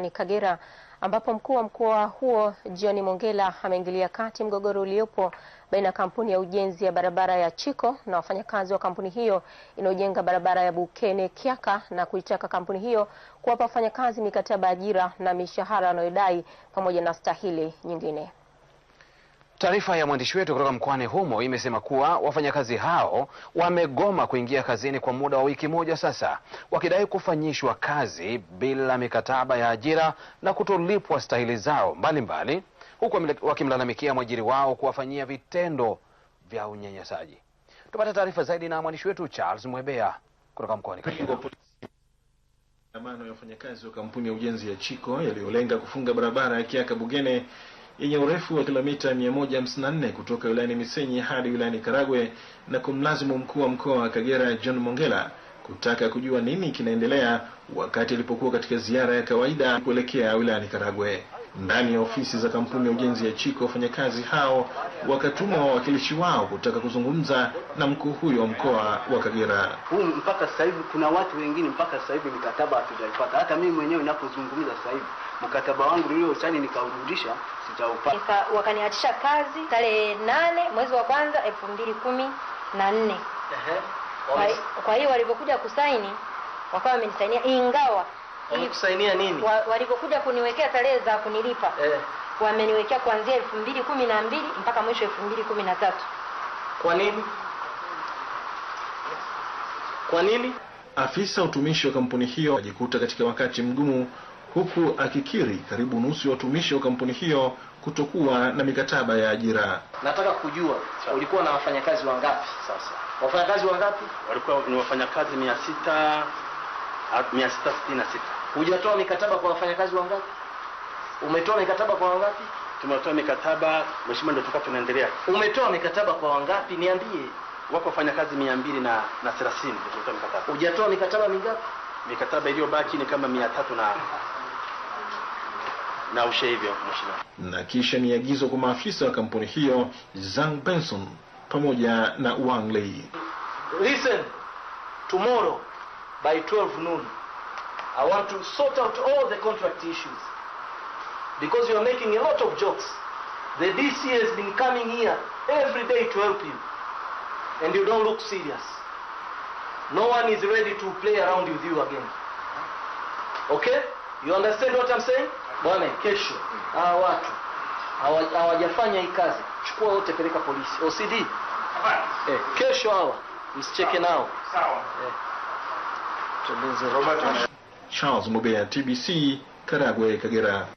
Ni Kagera ambapo mkuu wa mkoa huo John mongela ameingilia kati mgogoro uliopo baina ya kampuni ya ujenzi ya barabara ya chiko na wafanyakazi wa kampuni hiyo inayojenga barabara ya Bukene Kyaka na kuitaka kampuni hiyo kuwapa wafanyakazi mikataba ya ajira na mishahara wanayodai pamoja na stahili nyingine. Taarifa ya mwandishi wetu kutoka mkoani humo imesema kuwa wafanyakazi hao wamegoma kuingia kazini kwa muda wa wiki moja sasa, wakidai kufanyishwa kazi bila mikataba ya ajira na kutolipwa stahili zao mbalimbali, huku wakimlalamikia mwajiri wao kuwafanyia vitendo vya unyanyasaji. Tupate taarifa zaidi na mwandishi wetu Charles Mwebea kutoka mkoani maandamano ya wafanyakazi wa kampuni ya ujenzi ya Chiko yaliyolenga kufunga barabara ya Kiaka Bugene yenye urefu wa kilomita 154 kutoka wilayani Misenyi hadi wilayani Karagwe na kumlazimu mkuu wa mkoa wa Kagera John Mongela kutaka kujua nini kinaendelea wakati alipokuwa katika ziara ya kawaida kuelekea wilayani Karagwe. Ndani ya ofisi za kampuni ya ujenzi ya chiko wafanyakazi hao wakatuma wawakilishi wao kutaka kuzungumza na mkuu huyo wa mkoa wa Kagera. Huu mpaka sasa hivi kuna watu wengine mpaka sasa hivi mikataba hatujaipata. Hata mimi mwenyewe ninapozungumza sasa hivi mkataba wangu niliosaini nikaurudisha sijaupata. Wakaniachisha kazi tarehe nane mwezi wa kwanza elfu mbili kumi na nne. Kwa hiyo walivyokuja kusaini wakawa wamenisainia ingawa Wamekusainia nini? Walipokuja kuniwekea tarehe za kunilipa eh, wameniwekea kuanzia elfu mbili kumi na mbili mpaka mwisho elfu mbili kumi na tatu. Kwa nini? Kwa nini? Afisa utumishi wa kampuni hiyo ajikuta katika wakati mgumu, huku akikiri karibu nusu ya watumishi wa kampuni hiyo kutokuwa na mikataba ya ajira. Nataka kujua ulikuwa na wafanyakazi wangapi? Sasa wafanyakazi wangapi? Walikuwa ni wafanyakazi mia sita mia hujatoa mikataba kwa wafanyakazi wangapi? Umetoa mikataba kwa wangapi? Tumetoa mikataba mheshimiwa, ndio tulikuwa tunaendelea. Umetoa mikataba kwa wangapi? Niambie. Wako wafanyakazi mia mbili na na thelathini tumetoa mikataba. Hujatoa mikataba mingapi? Mikataba iliyobaki ni kama mia tatu na na ushe hivyo mheshimiwa. Na kisha niagizo kwa maafisa wa kampuni hiyo Zhang Benson pamoja na Wang Lei. Listen, tomorrow by 12 noon. I want to sort out all the contract issues. Because you are making a lot of jokes. The DC has been coming here every day to help you. And you don't look serious. No one is ready to play around with you again. Okay? You understand what I'm saying? Bwana, kesho hawa watu hawajafanya hii kazi, chukua wote, peleka polisi OCD. Eh, kesho hawa msicheke nao. Sawa. Eh. Charles Mobea, TBC, Karagwe, Kagera.